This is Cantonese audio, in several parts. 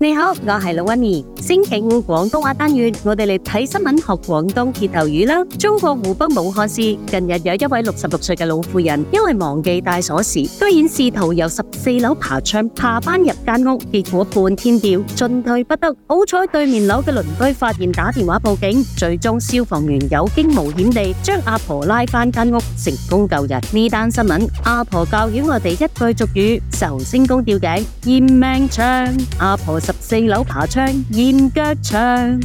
你好，我係 Melody，星期五廣東話單元，我哋嚟睇新聞學廣東歇後語啦。中國湖北武漢市近日有一位六十六歲嘅老婦人，因為忘記帶鎖匙，居然試圖由十四樓爬窗爬翻入間屋，結果半天吊進退不得。好彩對面樓嘅鄰居發現打電話報警，最終消防員有驚無險地將阿婆拉翻間屋，成功救人。呢單新聞阿婆教曉我哋一句俗語：壽星公吊頸，嫌命長。阿婆，十四樓爬窗，嫌腳長。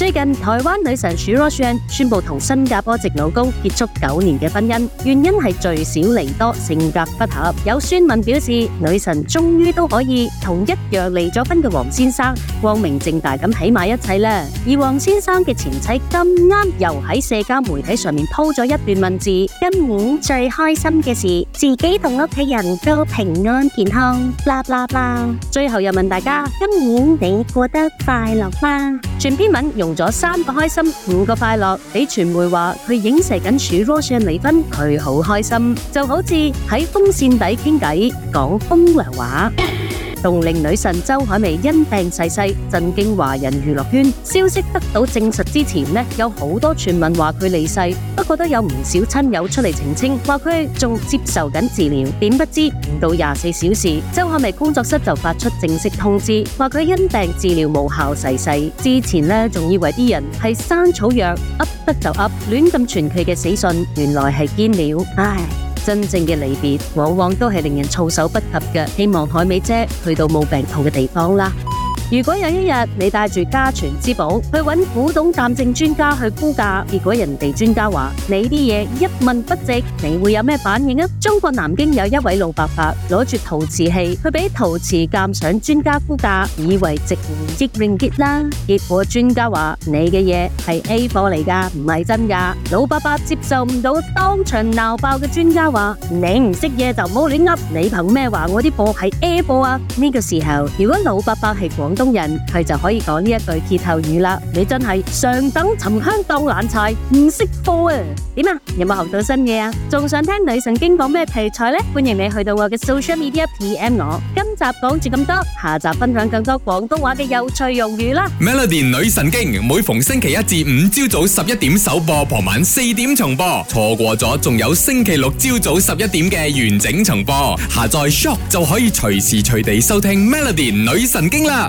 最近台灣女神徐若瑄宣布同新加坡籍老公結束九年嘅婚姻，原因係聚少離多，性格不合。有網民表示，女神終於都可以同一樣離咗婚嘅黃先生光明正大咁喺埋一齊啦。而黃先生嘅前妻啱啱又喺社交媒體上面鋪咗一段文字：今年最開心嘅事，自己同屋企人都平安健康。啦啦啦，最後又問大家：今年你過得快樂嗎？全篇文用。做咗三個開心，五個快樂。俾傳媒話佢影射緊處羅莎莉離婚，佢好開心，就好似喺風扇底傾偈，講風涼話。同齡女神周海媚因病逝世，震驚華人娛樂圈。消息得到證實之前呢，有好多傳聞話佢離世，不過都有唔少親友出嚟澄清，話佢仲接受緊治療。點不知唔到廿四小時，周海媚工作室就發出正式通知，話佢因病治療無效逝世。之前呢，仲以為啲人係生草藥，噏得就噏，亂咁傳佢嘅死訊，原來係堅了，唉。真正嘅離別，往往都係令人措手不及嘅。希望海媚姐去到冇病痛嘅地方啦。如果有一日你帶住家傳之寶去揾古董鑑證專家去估價，結果人哋專家話你啲嘢一文不值，你會有咩反應啊？中國南京有一位老伯伯攞住陶瓷器去俾陶瓷鑑賞專家估價，以為值一億文咁滯啦，結果專家話你嘅嘢係 A 貨嚟噶，唔係真噶。老伯伯接受唔到，當場鬧爆嘅專家話：你唔識嘢就唔好亂噏，你憑咩話我啲貨係 A 貨啊？呢、這個時候如果老伯伯係廣工人佢就可以講呢一句歇後語啦，你真係上等沉香當爛菜，唔識貨啊！點啊？有冇學到新嘢啊？仲想聽女神經講咩題材呢？歡迎你去到我嘅 social media PM 我。今集講住咁多，下集分享更多廣東話嘅有趣用語啦。Melody 女神經每逢星期一至五朝早十一點首播，傍晚四點重播，錯過咗仲有星期六朝早十一點嘅完整重播。下載 Shock 就可以隨時隨地收聽 Melody 女神經啦。